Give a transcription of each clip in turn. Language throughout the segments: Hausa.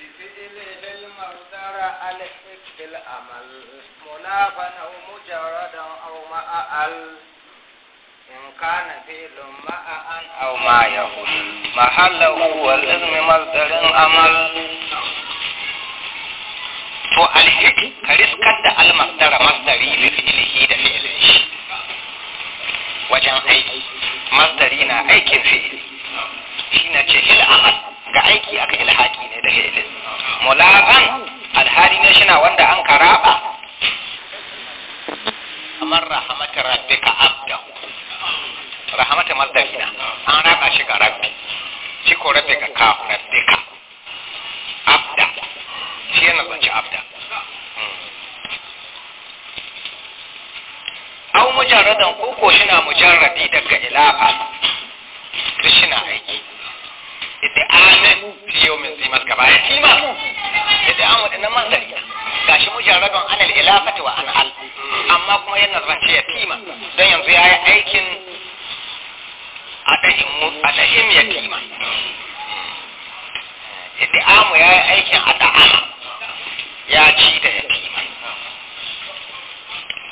بفعله المصدر على حفظ الأمل منافا أو مجردا أو مع ال إن كان فعل مع أن أو ما يقول محله هو الإذن مصدر أمل to alhaki ka riskar da almasdara masdari li fi'lihi da fi'lin shi wajen aiki masdari na aikin fi'li shi na ce fil amal ga aiki aka ilhaki ne da fi'ilin mulazan alhali ne shi wanda an karaba kamar rahamata rabbika abdahu rahamata mazdafina an raba shi ga rabbi shi ko rabbi ga ka rabbika abda shi yana zance abda hmm. au mujarradan ko ko shi na mujarradi daga ilafa shi na aiki na masdariya gashi mujarradun an al-ilafati wa an al amma kuma yana zance ya tima don yanzu yayi aikin adahim adahim ya tima iddamu yayi aikin adahama ya ci da ya tima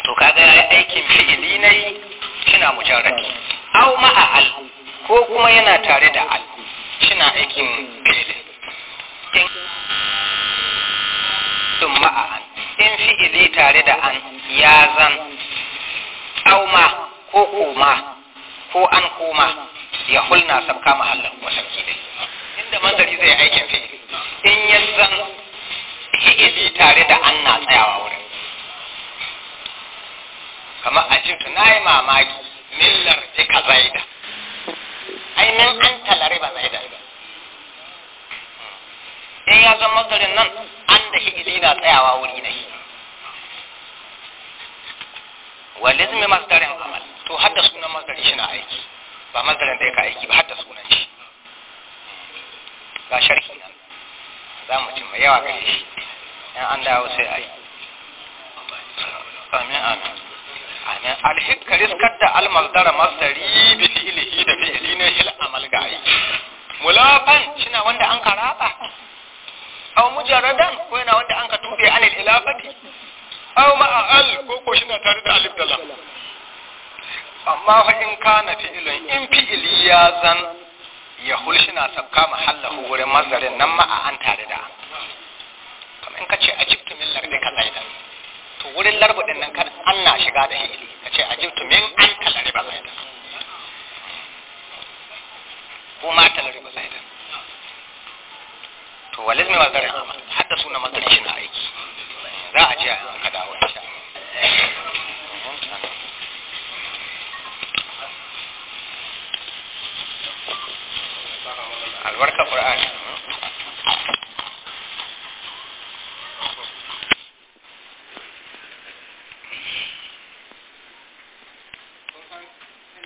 to kaga yayi aikin fi'ili ne kina mujarradi aw ma'a al ko kuma yana tare da al kina aikin fi'ili tare da an ya zan auma ko kuma ko an kuma ya hulna sabka mahallin wasarki dai inda manzari zai aikin fi in ya zan fi'ili tare da an na tsayawa wurin kamar a ce tunayi mamaki millar jika zaida ainihin an talare ba zaida ba in ya zan mazarin nan lazimi masdarin amal to hadda sunan masdari shi na aiki ba masdarin da ka aiki ba hadda sunan shi ga sharhi nan za mu cimma yawa gare shi in an dawo sai a yi amin amin amin alhikka riskar da almasdara masdari bi fi'ilihi da fi'ili ne hil amal ga aiki mulafan shina wanda an karaba aw mujarradan ko yana wanda an ka tuke anil ilafati aw ma'a al ko shi na tare da alif dala amma fa in kana fi'ilun in fi'ili ya zan ya hulshi na sabka mahallahu wurin mazarin nan ma a an tare da kuma in ka ce a jibtu min lardi ka zaidan to wurin larbudin nan kan an na shiga da fi'ili ka ce a jibtu min an talari ba zaidan ko ma ta talari ba zaidan to walizmi mazarin amma hadda suna mazarin shi na aiki za a ce a kada wani albarca por año.